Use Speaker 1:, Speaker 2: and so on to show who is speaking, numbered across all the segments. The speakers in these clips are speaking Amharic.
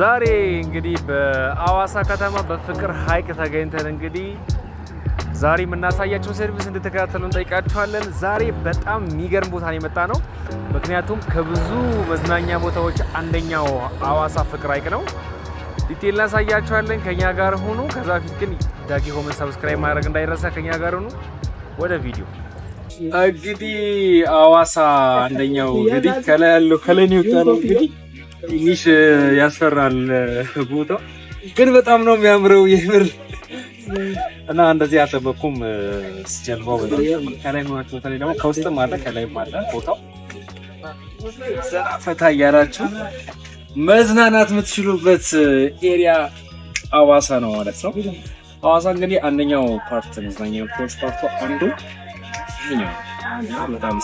Speaker 1: ዛሬ እንግዲህ በአዋሳ ከተማ በፍቅር ሀይቅ ተገኝተን እንግዲህ ዛሬ የምናሳያቸውን ሰርቪስ እንድትከታተሉ እንጠይቃችኋለን። ዛሬ በጣም የሚገርም ቦታ ነው የመጣ ነው። ምክንያቱም ከብዙ መዝናኛ ቦታዎች አንደኛው አዋሳ ፍቅር ሀይቅ ነው። ዲቴል እናሳያችኋለን። ከኛ ጋር ሁኑ። ከዛ ፊት ግን ዳጊ ሆመን ሰብስክራይብ ማድረግ እንዳይረሳ። ከኛ ጋር ሁኑ። ወደ ቪዲዮ እንግዲህ አዋሳ አንደኛው እንግዲህ ከላይ ያለው ከላይ ነው እንግዲህ ትንሽ ያስፈራል ቦታ ግን በጣም ነው የሚያምረው የምር እና እንደዚህ አልጠበኩም። ጀልባው ከላይ ሆናቸው በተለይ ደግሞ ከውስጥም አለ ከላይም አለ ቦታው ዘና ፈታ እያላችሁ መዝናናት የምትችሉበት ኤሪያ አዋሳ ነው ማለት ነው። አዋሳ እንግዲህ አንደኛው ፓርት መዝናኛ ፓርቱ አንዱ ይኸኛው በጣም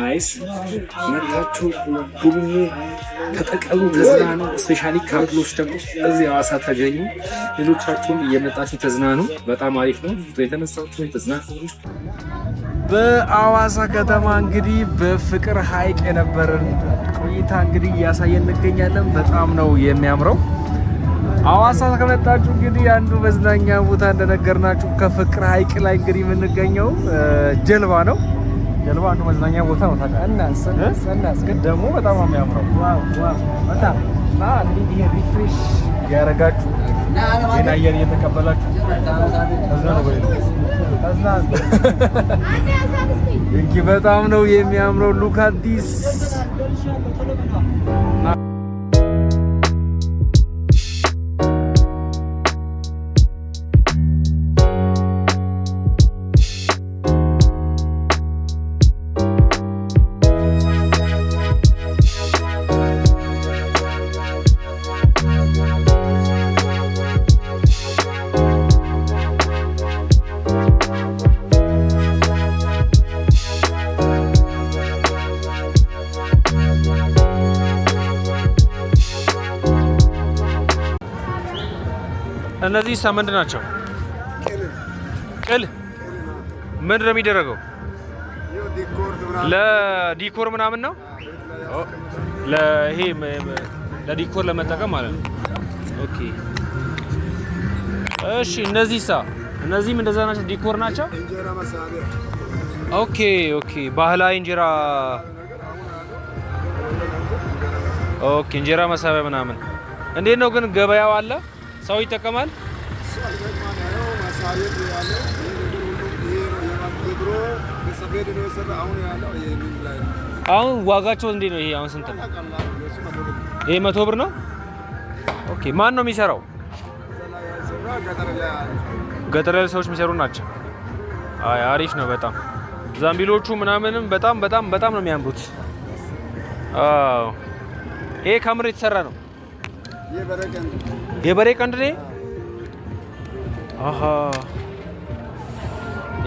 Speaker 1: ናይስ መታችሁ ጉብኙ፣ ተጠቀሙ፣ ተዝናኑ። ስፔሻሊ ካምፕሎች ደግሞ እዚህ ሐዋሳ ተገኙ። ሌሎቻችሁም እየመጣችሁ ተዝናኑ። በጣም አሪፍ ነው። የተነሳችሁ ተዝናኑ። በአዋሳ ከተማ እንግዲህ በፍቅር ሐይቅ የነበረን ቆይታ እንግዲህ እያሳየን እንገኛለን። በጣም ነው የሚያምረው። አዋሳ ከመጣችሁ እንግዲህ አንዱ መዝናኛ ቦታ እንደነገርናችሁ ከፍቅር ሐይቅ ላይ እንግዲህ የምንገኘው ጀልባ ነው። ጀልባ አንዱ መዝናኛ ቦታ ነው። ታናስናስ ግን ደግሞ በጣም የሚያምረው በጣም ይሄ ሪፍሬሽ ያደረጋችሁ ይሄን አየር እየተቀበላችሁ በጣም ነው የሚያምረው። ሉክ አዲስ እነዚህ ሳ ምንድን ናቸው? ቅል ምንድን ነው የሚደረገው? ለዲኮር ምናምን ነው። ይሄ ለዲኮር ለመጠቀም ማለት ነው። ኦኬ እሺ። እነዚህ ሳ እነዚህም እንደዛ ናቸው፣ ዲኮር ናቸው። ኦኬ ኦኬ። ባህላዊ እንጀራ ኦኬ፣ እንጀራ መሳቢያ ምናምን። እንዴት ነው ግን ገበያው አለ? ሰው ይጠቀማል። አሁን ዋጋቸው እንዴ ነው? ይሄ አሁን ስንት ነው? ይሄ መቶ ብር ነው። ኦኬ። ማን ነው የሚሰራው? ገጠር ያለ ሰዎች የሚሰሩ ናቸው። አይ አሪፍ ነው በጣም ዛምቢሎቹ ምናምንም በጣም በጣም በጣም ነው የሚያምሩት። አዎ ይሄ ከምር የተሰራ ነው። हे ቀንድ కండ్రి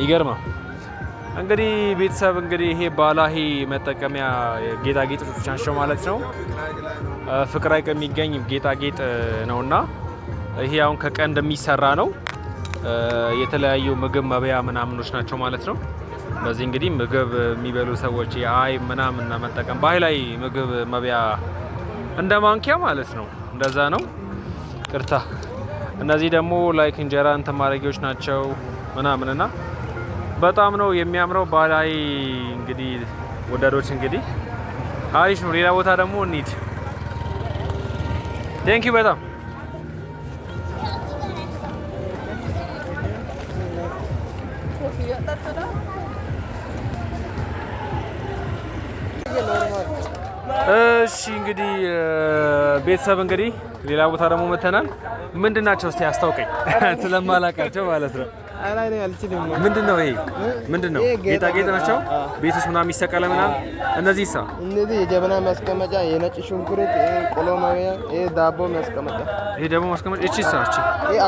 Speaker 1: ይገርማ እንግዲህ ቤተሰብ እንግዲህ ይሄ ባላሂ መጠቀሚያ ጌጣጌጦች ናቸው ማለት ነው። ፍቅር ሐይቅ የሚገኝ ጌጣጌጥ ነውና ይሄ አሁን ከቀንድ የሚሰራ ነው። የተለያዩ ምግብ መብያ ምናምኖች ናቸው ማለት ነው። በዚህ እንግዲህ ምግብ የሚበሉ ሰዎች የአይ ምናምን መጠቀም ባህላዊ ምግብ መብያ እንደ ማንኪያ ማለት ነው። እንደዛ ነው። ቅርታ እነዚህ ደግሞ ላይክ እንጀራ እንትን ማድረጊዎች ናቸው ምናምን ና በጣም ነው የሚያምረው። ባህላዊ እንግዲህ ወዳዶች እንግዲህ አሪፍ ነው። ሌላ ቦታ ደግሞ እንሂድ። ቴንኪ በጣም እሺ እንግዲህ ቤተሰብ እንግዲህ ሌላ ቦታ ደግሞ መተናል። ምንድን ናቸው እስቲ አስታውቀኝ፣ ስለማላውቃቸው ማለት ነው። ምንድን ነው ይሄ? ምንድን ነው? ጌጣጌጥ ናቸው። ቤት ውስጥ ምናምን ይሰቀለ ምናምን። እነዚህ ሳ
Speaker 2: እነዚህ የጀበና ማስቀመጫ፣ የነጭ ሽንኩርት ቆሎ ማብያ፣ ይሄ ዳቦ ማስቀመጫ፣
Speaker 1: ይሄ ደግሞ ማስቀመጫ። እቺ ሳ እቺ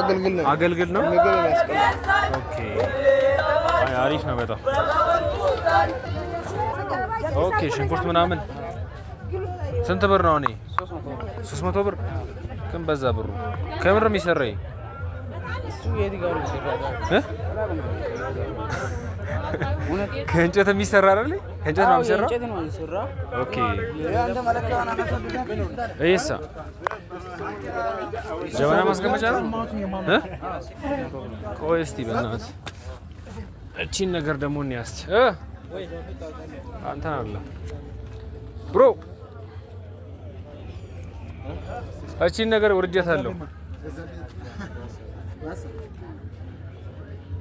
Speaker 1: አገልግል ነው፣ አገልግል ነው።
Speaker 2: ምግብ ማስቀመጫ።
Speaker 1: ኦኬ፣ አሪፍ ነው በጣም ኦኬ። ሽንኩርት ምናምን ስንት ብር ነው? እኔ 300 ብር ግን በዛ ብሩ ከምርም ይሰራይ ከእንጨት የሚሰራ አይደል? ከእንጨት ነው የሚሰራ። ኦኬ እሳ ጀበና ማስቀመጫ ነው። ቆይ እስቲ በእናትህ እቺን ነገር ደግሞ እንያስት አንተን አለ ብሮ እቺን ነገር ወርጃታለሁ።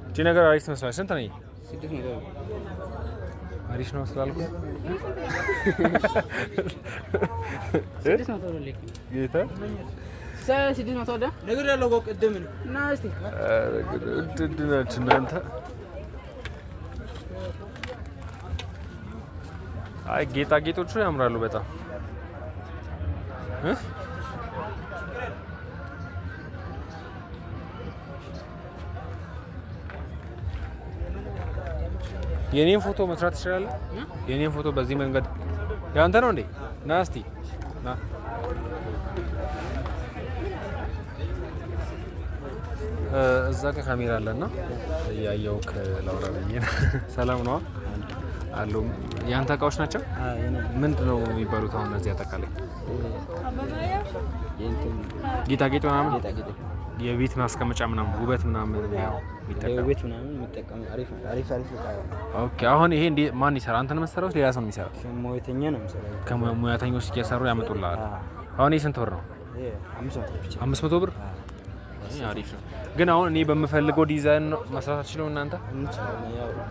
Speaker 1: እቺ ነገር አሪፍ ትመስላለች። ስንት ነኝ? አሪፍ ነው ስላልኩ እናንተ አይ ጌጣጌጦቹ ያምራሉ በጣም የኔን ፎቶ መስራት ትችላለህ? የኔን ፎቶ በዚህ መንገድ ያንተ ነው እንዴ? ና እስቲ ና። እዛ ጋር ካሜራ አለ እና እያየው ላውራ ብዬ ነው። ሰላም ነዋ አሉ። ያንተ እቃዎች ናቸው? ምንድን ነው የሚባሉት? አሁን እዚህ አጠቃላይ ጌጣጌጥ ምናምን የቤት ማስቀመጫ ምናምን ውበት ምናምን ቤት
Speaker 2: ምናምን የሚጠቀም አሪፍ አሪፍ እቃ።
Speaker 1: ኦኬ አሁን ይሄ እንዴ ማን ይሰራ? አንተ ነው የምትሰራው? ሌላ ሰው ነው የሚሰራው?
Speaker 2: ሙያተኛ ነው የሚሰራው። ከሙያተኞች እየሰሩ ያመጡልሃል።
Speaker 1: አሁን ይሄ ስንት ብር ነው? አምስት መቶ ብር አሪፍ ነው። ግን አሁን እኔ በምፈልገው ዲዛይን መስራት አትችልም እናንተ?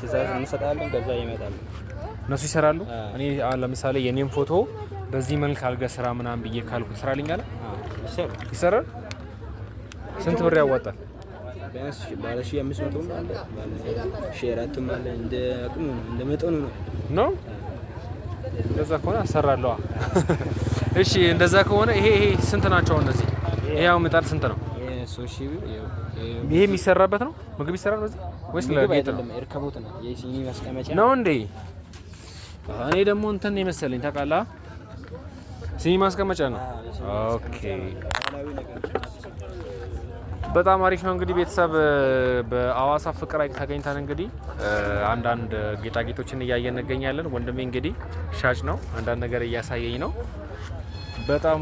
Speaker 2: ትእዛዝ እንሰጣለን፣ ከዛ ይመጣሉ
Speaker 1: እነሱ ይሰራሉ። እኔ ለምሳሌ የኔም ፎቶ በዚህ መልክ አልጋ ስራ ምናምን ብዬ ካልኩ ስራልኝ አለ ይሰራል ስንት ብር ያዋጣል?
Speaker 2: ቢያንስ ባለ ሺህ አምስት መቶ አለ፣ ሺህ አራትም አለ። እንደ አቅሙ ነው፣ እንደ መጠኑ ነው
Speaker 1: ነው። እንደዛ ከሆነ አሰራለዋ። እሺ፣ እንደዛ ከሆነ ይሄ ይሄ ስንት ናቸው እነዚህ? ምጣድ ስንት ነው? ይሄ የሚሰራበት ነው። ምግብ ይሰራ ወይስ ነው?
Speaker 2: ነው
Speaker 1: ነው እንዴ? እኔ ደግሞ እንትን የመሰለኝ ታውቃለህ፣ ሲኒ ማስቀመጫ ነው። ኦኬ በጣም አሪፍ ነው እንግዲህ ቤተሰብ በአዋሳ ፍቅር ሐይቅ ተገኝተን እንግዲህ አንዳንድ ጌጣጌጦችን እያየን እንገኛለን። ወንድሜ እንግዲህ ሻጭ ነው፣ አንዳንድ ነገር እያሳየኝ ነው። በጣም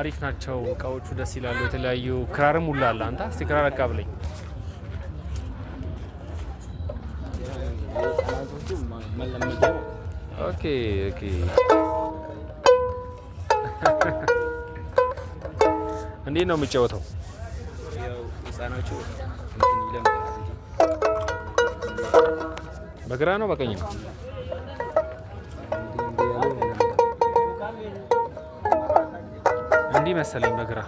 Speaker 1: አሪፍ ናቸው እቃዎቹ፣ ደስ ይላሉ። የተለያዩ ክራርም ሁላ አለ። አንተ እስቲ ክራር አቃብለኝ። ኦኬ ኦኬ እንዴት ነው የሚጫወተው? ህፃናቸው በግራ ነው በቀኝ ነው? እንዲህ መሰለኝ በግራ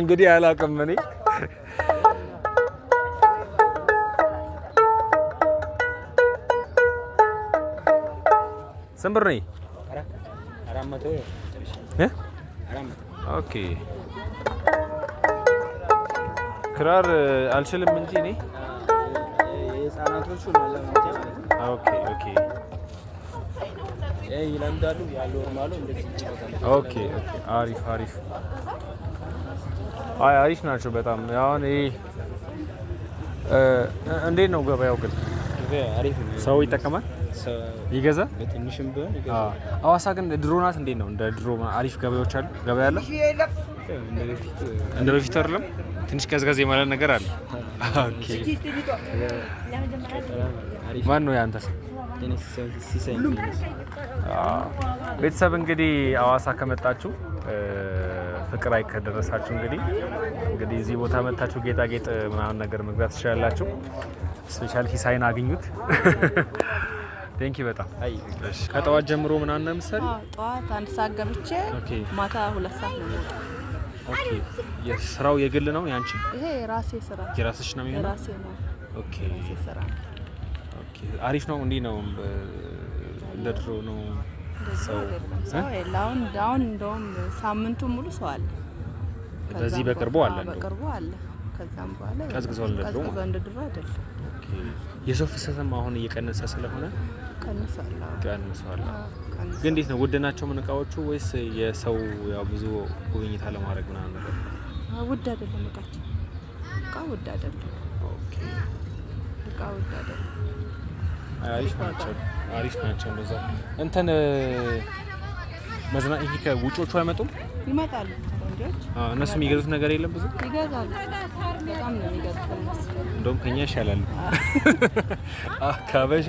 Speaker 1: እንግዲህ አላውቅም እኔ ስንት ብር ነው? ኦኬ ክራር አልችልም እንጂ እኔ
Speaker 2: የህፃናቶቹ ኦኬ ኦኬ ይለምዳሉ
Speaker 1: አሪፍ አሪፍ። አይ አሪፍ ናቸው በጣም አሁን ይሄ እንዴት ነው ገበያው ግን ሰው ይጠቀማል? ይገዛ በትንሽም ቢሆን ይገዛ። ግን ድሮ ናት። እንዴት ነው? እንደ ድሮ አሪፍ ገበያዎች አሉ። ገበያ አለ እንደ በፊቱ አይደለም። ትንሽ ቀዝቀዝ የማለት ነገር አለ። ማን ነው ያንተ ሰው? ቤተሰብ እንግዲህ አዋሳ ከመጣችሁ ፍቅር ሐይቅ ከደረሳችሁ እንግዲህ እንግዲህ እዚህ ቦታ መታችሁ ጌጣጌጥ ምናምን ነገር መግዛት ትችላላችሁ። ስፔሻል ሂሳይን አግኙት። ቴንኪ በጣም አይ ከጠዋት ጀምሮ ምናምን ነው የምትሰሪ?
Speaker 2: ጠዋት አንድ ሰዓት ገብቼ ማታ ሁለት ሰዓት ነው።
Speaker 1: ኦኬ የስራው የግል ነው ያንቺ?
Speaker 2: ይሄ የራሴ ስራ።
Speaker 1: የራስሽ ነው የሚሆነው? የራሴ ነው። ኦኬ ስራ። ኦኬ አሪፍ ነው። እንዲህ ነው እንደ ድሮ ነው
Speaker 2: ሰው አሁን አሁን እንደውም ሳምንቱ ሙሉ ሰው አለ።
Speaker 1: በዚህ በቅርቡ አለ
Speaker 2: በቅርቡ አለ። ከዛም
Speaker 1: በኋላ ቀዝቅዞ እንደ ድሮ አይደለም። የሰው ፍሰትም አሁን እየቀነሰ ስለሆነ ቀንሷል። ግን እንዴት ነው ውድ ናቸው ምን እቃዎቹ? ወይስ የሰው ያው ብዙ ጉብኝት አለማድረግ ምናምን ነገር
Speaker 2: ውድ አይደለም እቃቸው። እቃ ውድ አይደለም። ኦኬ እቃ ውድ አይደለም።
Speaker 1: አሪፍ ናቸው። አሪፍ ናቸው። እንደዛ እንትን መዝና ይሄ ከውጮቹ አይመጡም? ይመጣሉ እነሱ የሚገዙት ነገር የለም። ብዙ
Speaker 2: ይገዛሉ። በጣም ነው
Speaker 1: የሚገዙት። እንደውም ከኛ ይሻላል ከበሻ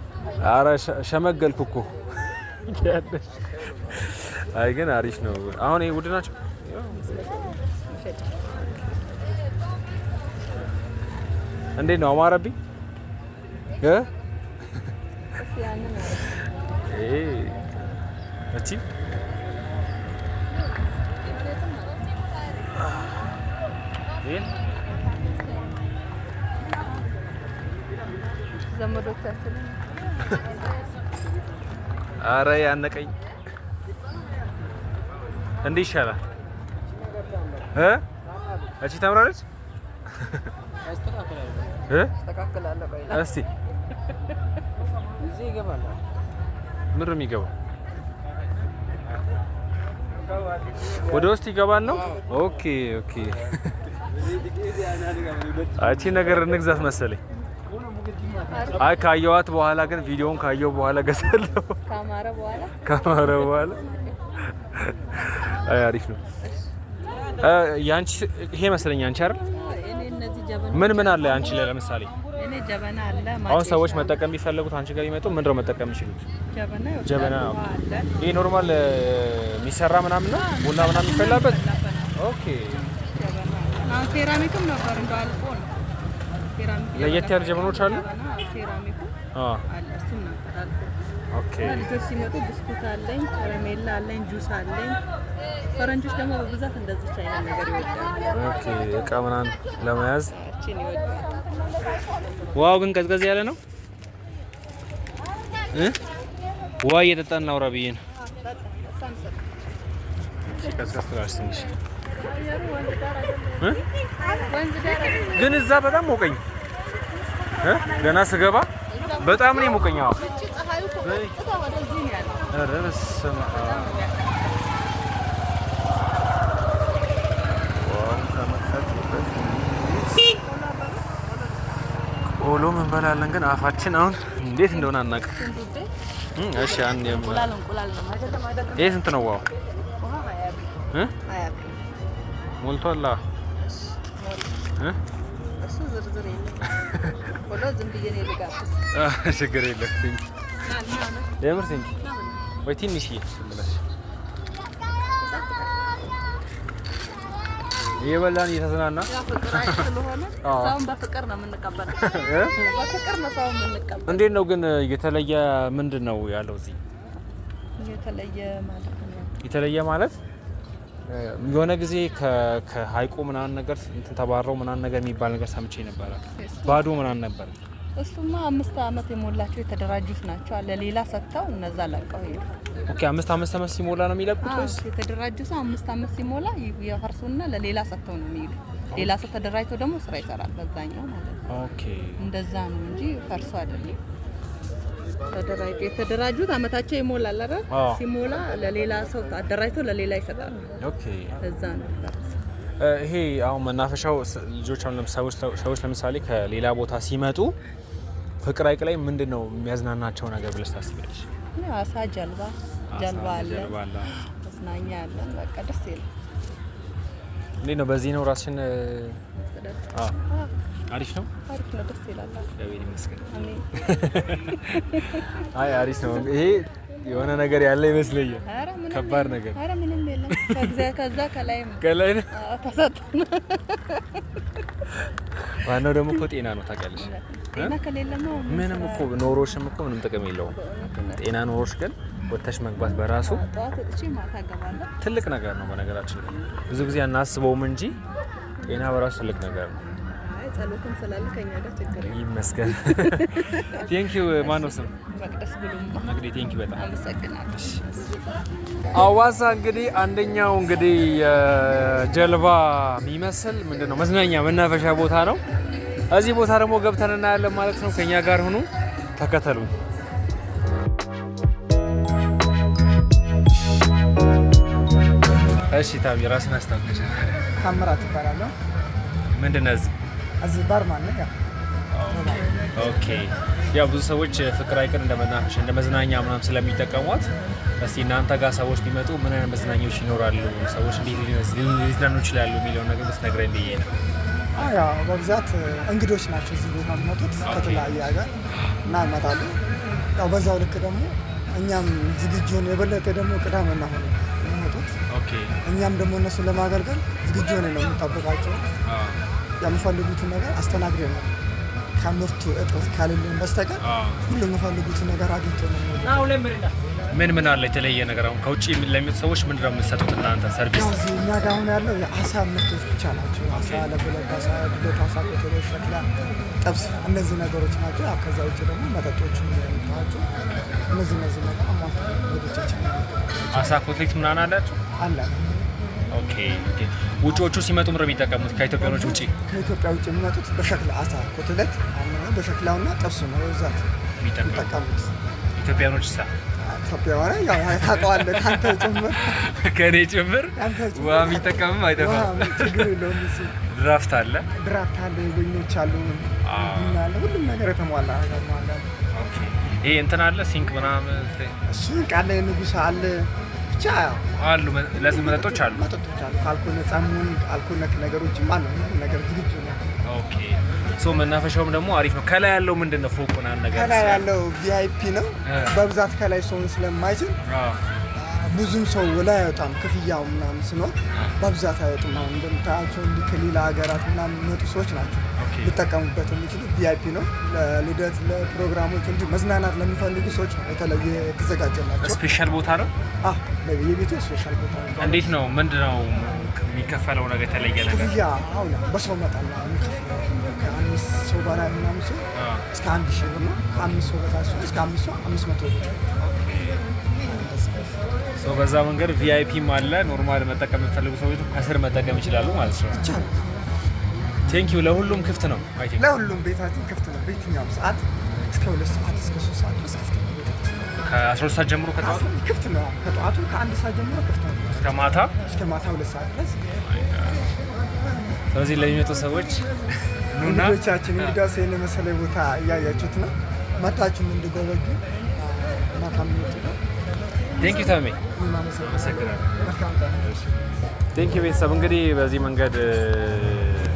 Speaker 1: አረ ሸመገልኩ እኮ አይ ግን አሪፍ ነው። አሁን ይሄ ውድ ናቸው። እንዴት ነው አማረብኝ? እቺ
Speaker 2: ዘመዶቻችን
Speaker 1: አረ ያነቀኝ እንዲህ ይሻላል እ እቺ ታምራለች። እስቲ ምር የሚገባ ወደ ውስጥ ይገባል ነው። ኦኬ ኦኬ። እቺ ነገር እንግዛት መሰለኝ። አይ ካየዋት በኋላ ግን ቪዲዮውን ካየው በኋላ ገዛለሁ።
Speaker 2: ካማረ በኋላ
Speaker 1: ካማረ በኋላ አይ አሪፍ ነው። ያንቺ ይሄ መሰለኝ አንቺ አይደል? ምን ምን አለ አንቺ ላይ ለምሳሌ አሁን ሰዎች መጠቀም የሚፈልጉት አንቺ ጋር ይመጡ ምንድን ነው መጠቀም የሚችሉት? ጀበና ጀበና። ይሄ ኖርማል የሚሰራ ምናምን ነው ቡና ምናምን የሚፈላበት ኦኬ።
Speaker 2: ጀበና ሴራሚክም ነበር እንደው አልፎ ነው
Speaker 1: ለየት ያሉ ጀበኖች አሉ። ሴራሚኩ
Speaker 2: ልጆች ሲመጡ ብስኩት አለኝ፣ ከረሜላ አለኝ፣ ጁስ አለኝ። ፈረንጆች ደግሞ በብዛት እንደዚህ አይነት ነገር
Speaker 1: ይወዳሉ። እቃ ምናምን ለመያዝ ዋው ግን ቀዝቀዝ ያለ ነው እ ዋ እየጠጣን እናውራ ብዬ ነው ግን እዛ በጣም ሞቀኝ። ገና ስገባ በጣም ነው የሞቀኝ። ቆሎ እንበላለን ግን አፋችን አሁን እንዴት እንደሆነ አናውቅም። እሺ ይሄ ስንት ነው? ዋው ሞልቷላ
Speaker 2: እሱ ዝርዝር የለም ዝም ብዬ
Speaker 1: ነው ችግር የለም የምር ወይ ትንሽዬ እየበላን እየተዝናና
Speaker 2: ሰውን በፍቅር ነው የምንቀበለው። በፍቅር ነው ሰውን የምንቀበለው።
Speaker 1: እንዴት ነው ግን የተለየ ምንድን ነው ያለው እዚህ?
Speaker 2: የተለየ ማለት
Speaker 1: ነው የተለየ ማለት የሆነ ጊዜ ከሀይቁ ምናምን ነገር እንትን ተባረው ምናምን ነገር የሚባል ነገር ሰምቼ ነበረ። ባዶ ምናምን ነበር።
Speaker 2: እሱማ አምስት አመት የሞላቸው የተደራጁት ናቸው አለ ሌላ ሰጥተው እነዛ ለቀው ሄዱ።
Speaker 1: ኦኬ አምስት አመት አመት ሲሞላ ነው የሚለቁት ወይስ
Speaker 2: የተደራጁ ሰው አምስት አመት ሲሞላ የፈርሱና ለሌላ ሰጥተው ነው የሚሄዱ። ሌላ ሰው ተደራጅቶ ደግሞ ስራ ይሰራል በዛኛው
Speaker 1: ማለት ነው። ኦኬ
Speaker 2: እንደዛ ነው እንጂ ፈርሱ አይደለም። ተደራጅ የተደራጁት አመታቸው ይሞላል አይደል? ሲሞላ ለሌላ ሰው አደራጅቶ ለሌላ ይሰጣል።
Speaker 1: ኦኬ፣ እዛ ነው ይሄ አሁን መናፈሻው። ልጆች አሁን ሰዎች ለምሳሌ ከሌላ ቦታ ሲመጡ ፍቅር ሐይቅ ላይ ምንድን ነው የሚያዝናናቸው ነገር ብለሽ ታስቢያለሽ?
Speaker 2: አሳ፣ ጀልባ፣ ጀልባ አለ፣ መዝናኛ አለ። በቃ ደስ ይላል።
Speaker 1: እንዴት ነው በዚህ ነው ራስሽን አሪፍ ነው፣
Speaker 2: አሪፍ ነው፣ ደስ ይላል። እግዚአብሔር ይመስገን።
Speaker 1: አይ አሪፍ ነው። ይሄ የሆነ ነገር ያለ ይመስለኛል፣ ከባድ ነገር። አረ ምንም
Speaker 2: የለም። ከዛ ከላይ ነው ከላይ ነው ተሰጥቶን።
Speaker 1: ዋናው ደግሞ እኮ ጤና ነው ታውቂያለሽ።
Speaker 2: ጤና ከሌለ ነው
Speaker 1: ምንም እኮ ኖሮሽም እኮ ምንም ጥቅም የለውም። ጤና ኖሮሽ ግን ወተሽ መግባት በራሱ ትልቅ ነገር ነው። በነገራችን ብዙ ጊዜ አናስበውም እንጂ ጤና በራሱ ትልቅ ነገር ነው።
Speaker 2: ጸሎትም ስላለ ከኛ ጋር ችግር
Speaker 1: ይመስገን። ስም መቅደስ በጣም አመሰግናለሽ። አዋሳ እንግዲህ አንደኛው እንግዲህ የጀልባ የሚመስል ምንድነው መዝናኛ መናፈሻ ቦታ ነው። እዚህ ቦታ ደግሞ ገብተን እናያለን ማለት ነው። ከኛ ጋር ሁኑ፣ ተከተሉ። እሺ ታሚ ራስን አስታውቀሻል።
Speaker 2: ታምራት ይባላለሁ። ምንድን ነው እዚህ እዚህ ባርማን ነው።
Speaker 1: ኦኬ ያው ብዙ ሰዎች ፍቅር ሐይቅን እንደ መናፈሻ እንደ መዝናኛ ምናምን ስለሚጠቀሟት እስቲ እናንተ ጋር ሰዎች ቢመጡ ምን አይነት መዝናኛዎች ይኖራሉ፣ ሰዎች እንዴት ሊዝናኑ ይችላሉ የሚለውን ነገር ብትነግረን ብዬ ነው።
Speaker 2: ያው በብዛት እንግዶች ናቸው እዚህ ቦታ የሚመጡት ከተለያየ ሀገር እና ይመጣሉ። ያው በዛው ልክ ደግሞ እኛም ዝግጁን የበለጠ ደግሞ ቅዳሜ እና እሑድ የሚመጡት እኛም ደግሞ እነሱን ለማገልገል ዝግጁ ሆነ ነው የምንጠብቃቸው። የሚፈልጉትን ነገር አስተናግደን ነው ከምርቱ እጥረት ካልልን በስተቀር ሁሉ የሚፈልጉትን ነገር አግኝቶ ነው።
Speaker 1: ምን ምን አለ የተለየ ነገር? አሁን ከውጭ ለሚመጡ ሰዎች ምንድን ነው የምትሰጡት እናንተ ሰርቪስ? እዚህ እኛ
Speaker 2: ጋር አሁን ያለው የአሳ ምርቶች ብቻ ናቸው። አሳ ለበለብ፣ አሳ ዱለት፣ አሳ ቆቴሎ፣ ሸክላ፣ ጥብስ እነዚህ ነገሮች ናቸው። ከዛ ውጭ ደግሞ መጠጦች የሚታቸው እነዚህ እነዚህ ነገር
Speaker 1: አሳ ኮትሌት ምናምን አላችሁ አላ ኦኬ። ውጪዎቹ ሲመጡ ምረ የሚጠቀሙት ከኢትዮጵያ ውጭ
Speaker 2: ከኢትዮጵያ ውጭ የሚመጡት በሸክላ አሳ ኮትለት በሸክላውና ጥብሱ ነው ብዛት
Speaker 1: የሚጠቀሙት። ኢትዮጵያኖች ሳ ኢትዮጵያውያን ጭምር ውሃ የሚጠቀምም አይጠፋም። ድራፍት አለ፣
Speaker 2: ድራፍት አለ፣ የጎኞች አሉ፣ ሁሉም ነገር የተሟላ
Speaker 1: ይሄ እንትን አለ፣ ሲንክ ምናምን፣
Speaker 2: ሲንክ አለ፣ ንጉስ አለ ብቻ
Speaker 1: አሉ መጠጦች አሉ መጠጦች
Speaker 2: አሉ። ከአልኮል ነጻ መሆን አልኮል ነክ ነገሮችም አሉ። ነገር ዝግጁ ነው።
Speaker 1: ኦኬ ሶ መናፈሻውም ደግሞ አሪፍ ነው። ከላይ ያለው ምንድን ነው? ፎቅ ምናምን ነገር ከላይ ያለው
Speaker 2: ቪአይፒ ነው። በብዛት ከላይ ሰውን ስለማይችል ብዙም ሰው ላይ አይወጣም ክፍያው ምናምን ስኖር በብዛት አይወጡም። አሁን እንደምታያቸው እንዲህ ከሌላ ሀገራት ምናምን መጡ ሰዎች ናቸው ሊጠቀሙበት የሚችሉ ቪአይፒ ነው። ለልደት፣ ለፕሮግራሞች እንዲ መዝናናት ለሚፈልጉ ሰዎች ነው የተለየ
Speaker 1: ናቸው። ስፔሻል ቦታ ነው።
Speaker 2: የቤቱ ስፔሻል
Speaker 1: ቦታ ነው። እንዴት ነው? ምንድን ነው የሚከፈለው ነገር የተለየ ነገር? ክፍያ
Speaker 2: አሁን በሰው መጠን ነው ከአምስት ሰው በላይ ምናምን ሰው እስከ አንድ ሺህ ብር ነው። ከአምስት ሰው በታች እስከ አምስት ሰው አምስት መቶ ብር
Speaker 1: በዛ መንገድ ቪአይፒም አለ። ኖርማል መጠቀም የሚፈልጉ ሰዎች ከስር መጠቀም ይችላሉ ማለት ነው። ቴንኪዩ። ለሁሉም ክፍት ነው።
Speaker 2: ለሁሉም ቤታችን ክፍት ነው። በየትኛውም ሰዓት እስከ ሁለት ሰዓት እስከ ሶስት ሰዓት ድረስ ክፍት ነው።
Speaker 1: ከአስራ ሁለት ሰዓት ጀምሮ
Speaker 2: ከጠዋቱ ክፍት ነው። ከጠዋቱ ከአንድ ሰዓት ጀምሮ ክፍት ነው እስከ ማታ እስከ ማታ ሁለት ሰዓት ድረስ።
Speaker 1: ስለዚህ ለሚመጡ ሰዎች
Speaker 2: ቻችን እንግዲህ ይህን የመሰለ ቦታ እያያችሁት ነው። መታችሁም እንድጎበኙ ማታ የሚወጡ ነው
Speaker 1: ቴንክ ዩ ተሜ ቴንክ ዩ ቤተሰብ። እንግዲህ በዚህ መንገድ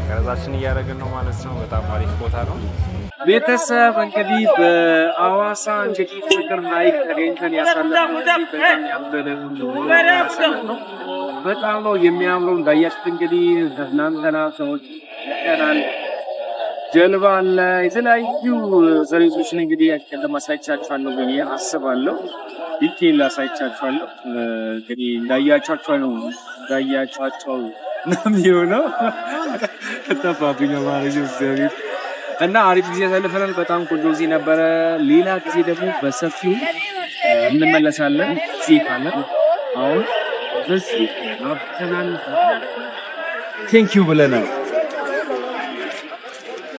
Speaker 1: ቀረጻችን እያደረግን ነው ማለት ነው። በጣም አሪፍ ቦታ ነው ቤተሰብ። እንግዲህ በአዋሳ እንግዲህ ፍቅር ሀይቅ ተገኝተን ያሳለፍን በጣም ነው የሚያምረው። እንዳያችሁት እንግዲህ እናንተና ሰዎች ይቀናል ጀልባ አለ የተለያዩ ዘሬቶችን እንግዲህ ያቀደም አሳይቻችኋለሁ ብዬ አስባለሁ። ዲቴል አሳይቻችኋለሁ። እንግዲህ እንዳያቸኋቸኋ ነው እንዳያቸኋቸው ነው የሚሆነው ተፋብኝ ማረጅ እግዚአብሔር እና አሪፍ ጊዜ ያሳልፈናል። በጣም ቆንጆ ጊዜ ነበረ። ሌላ ጊዜ ደግሞ በሰፊው እንመለሳለን። ጊዜ ካለ አሁን በዚህ ቴንኪዩ ብለናል።